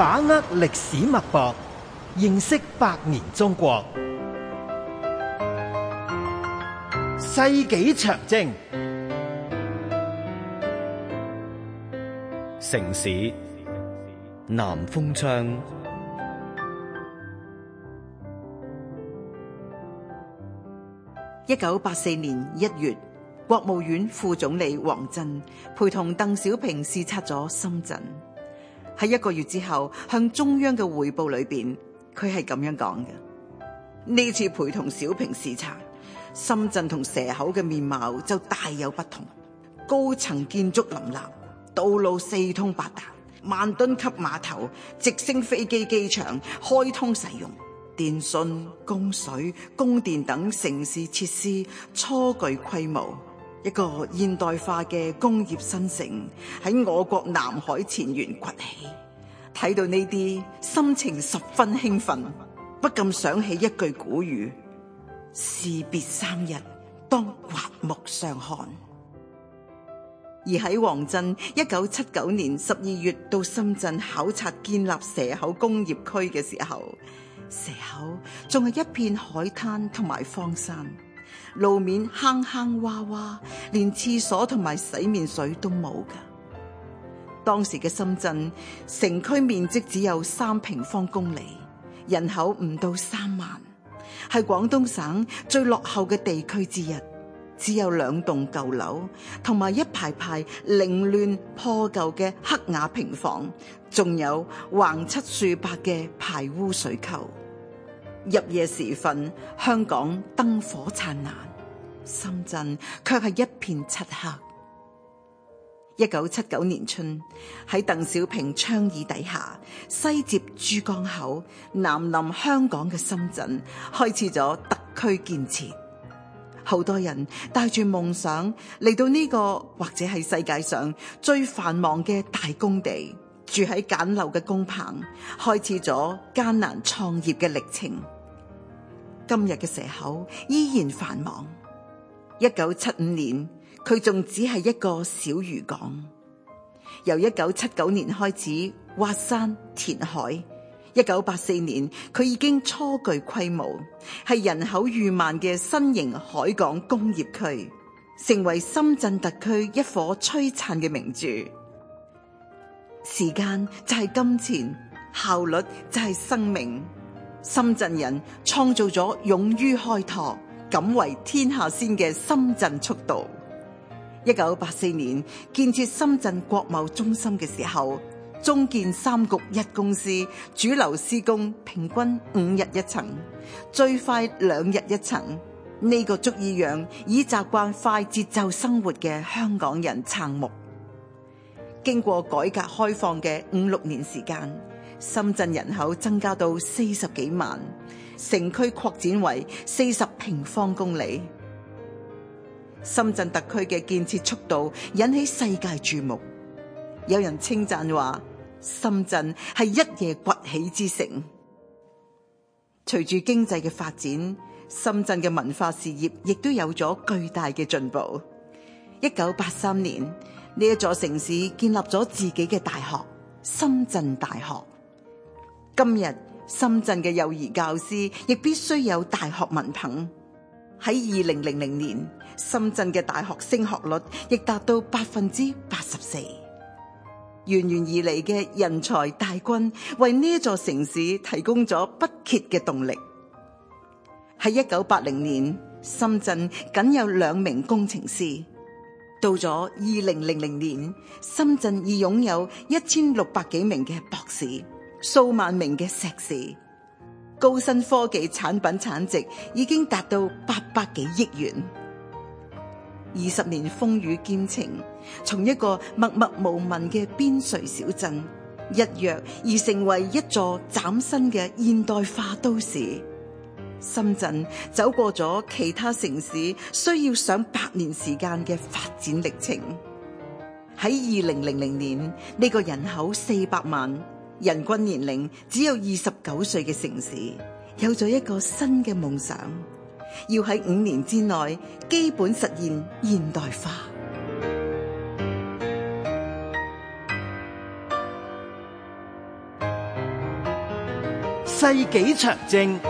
把握歷史脈搏，認識百年中國。世紀長征，城市南風窗。一九八四年一月，國務院副總理王震陪同鄧小平視察咗深圳。喺一個月之後，向中央嘅彙報裏面，佢係咁樣講嘅：呢次陪同小平視察，深圳同蛇口嘅面貌就大有不同，高層建築林立，道路四通八達，萬噸級碼頭、直升飛機機場開通使用，電信、供水、供電等城市設施初具規模。一個現代化嘅工業新城喺我國南海前沿崛起，睇到呢啲心情十分興奮，不禁想起一句古語：士別三日，當刮目相看。而喺黃鎮一九七九年十二月到深圳考察建立蛇口工業區嘅時候，蛇口仲係一片海灘同埋荒山。路面坑坑洼洼，連廁所同埋洗面水都冇㗎。當時嘅深圳，城區面積只有三平方公里，人口唔到三萬，係廣東省最落後嘅地區之一。只有兩棟舊樓，同埋一排排凌亂破舊嘅黑瓦平房，仲有橫七豎八嘅排污水溝。入夜時分，香港燈火燦爛，深圳卻係一片漆黑。一九七九年春，喺鄧小平倡議底下，西接珠江口、南臨香港嘅深圳，開始咗特區建設。好多人帶住夢想嚟到呢個或者係世界上最繁忙嘅大工地。住喺簡陋嘅工棚，開始咗艱難創業嘅歷程。今日嘅蛇口依然繁忙。一九七五年，佢仲只係一個小漁港。由一九七九年開始挖山填海，一九八四年佢已經初具規模，係人口逾萬嘅新型海港工業區，成為深圳特區一顆璀璨嘅明珠。時間就係金錢，效率就係生命。深圳人創造咗勇於開拓、敢為天下先嘅深圳速度。一九八四年建設深圳國貿中心嘅時候，中建三局一公司主樓施工平均五日一層，最快兩日一層。呢、這個足以讓已習慣快節奏生活嘅香港人瞠目。經過改革開放嘅五六年時間，深圳人口增加到四十幾萬，城區擴展為四十平方公里。深圳特區嘅建設速度引起世界注目，有人稱讚話：深圳係一夜崛起之城。隨住經濟嘅發展，深圳嘅文化事業亦都有咗巨大嘅進步。一九八三年。呢一座城市建立咗自己嘅大學——深圳大學。今日深圳嘅幼兒教師亦必須有大學文憑。喺二零零零年，深圳嘅大學升學率亦達到百分之八十四。源源而嚟嘅人才大軍，為呢一座城市提供咗不竭嘅動力。喺一九八零年，深圳僅有兩名工程師。到咗二零零零年，深圳已擁有一千六百幾名嘅博士，數萬名嘅碩士，高新科技產品產值已經達到八百幾億元。二十年風雨兼程，從一個默默無聞嘅邊陲小鎮，一躍而成為一座嶄新嘅現代化都市。深圳走過咗其他城市需要上百年時間嘅發展歷程在。喺二零零零年呢個人口四百萬、人均年齡只有二十九歲嘅城市，有咗一個新嘅夢想，要喺五年之內基本實現現代化。世紀長征。